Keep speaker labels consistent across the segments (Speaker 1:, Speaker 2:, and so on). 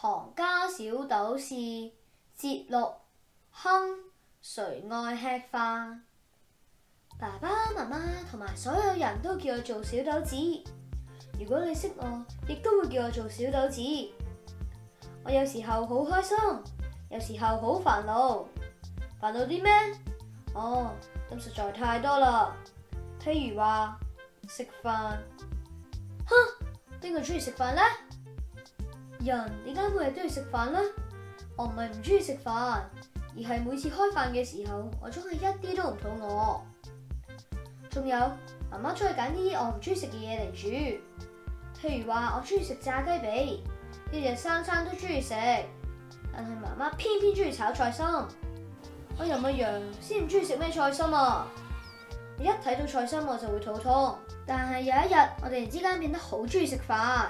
Speaker 1: 唐家小豆事節錄，哼，誰愛吃飯？爸爸媽媽同埋所有人都叫我做小豆子。如果你識我，亦都會叫我做小豆子。我有時候好開心，有時候好煩惱。煩惱啲咩？哦，咁實在太多啦。譬如話食飯，哼，邊個中意食飯呢？人點解每日都要食飯呢？我唔係唔中意食飯，而係每次開飯嘅時候，我總係一啲都唔肚餓。仲有媽媽出去揀啲我唔中意食嘅嘢嚟煮，譬如話我中意食炸雞髀，日日三餐都中意食，但係媽媽偏偏中意炒菜心。我楊咪楊先唔中意食咩菜心啊！一睇到菜心我就會肚痛，但係有一日我突然之間變得好中意食飯。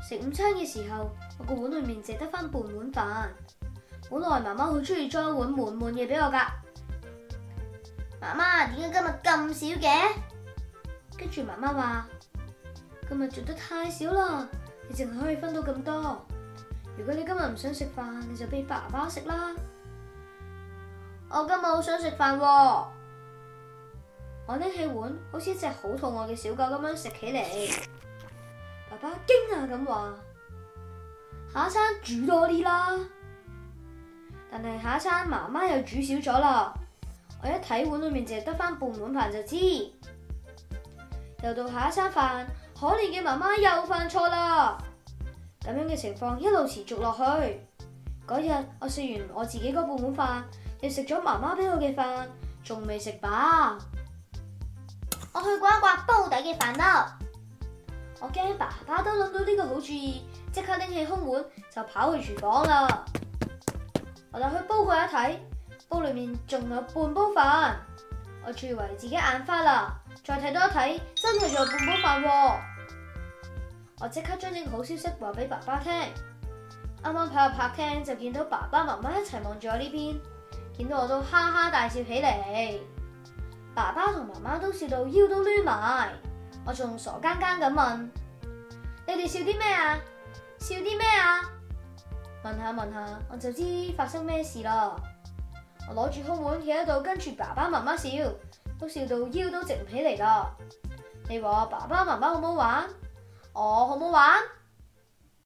Speaker 1: 食午餐嘅時候，我個碗裏面淨得翻半碗飯。本來媽媽好中意裝碗滿滿嘢俾我噶。媽媽，點解今日咁少嘅？跟住媽媽話：今日做得太少啦，你淨係可以分到咁多。如果你今日唔想食飯，你就俾爸爸食啦。我今日好想食飯，啊，我拎起碗，好似一隻好肚餓嘅小狗咁樣食起嚟。爸爸驚啊！咁話下一餐煮多啲啦，但係下一餐媽媽又煮少咗啦。我一睇碗裏面淨係得翻半碗飯就知。又到下一餐飯，可憐嘅媽媽又犯錯啦。咁樣嘅情況一路持續落去。嗰日我食完我自己嗰半碗飯，又食咗媽媽俾我嘅飯，仲未食飽。我去刮一刮煲底嘅飯粒。我驚爸爸都諗到呢個好主意，即刻拎起空碗就跑去廚房啦。我就去煲過一睇，煲裏面仲有半煲飯。我錯以為自己眼花啦，再睇多一睇，真係仲有半煲飯喎。我即刻將呢個好消息話俾爸爸聽。啱啱跑入客廳就見到爸爸媽媽一齊望住我呢邊，見到我都哈哈大笑起嚟。爸爸同媽媽都笑到腰都攣埋。我仲傻更更咁問：你哋笑啲咩啊？笑啲咩啊？問下問下，我就知發生咩事啦！我攞住空碗企喺度，跟住爸爸媽媽笑，都笑到腰都直唔起嚟啦！你話爸爸媽媽好唔好玩？我好唔好玩？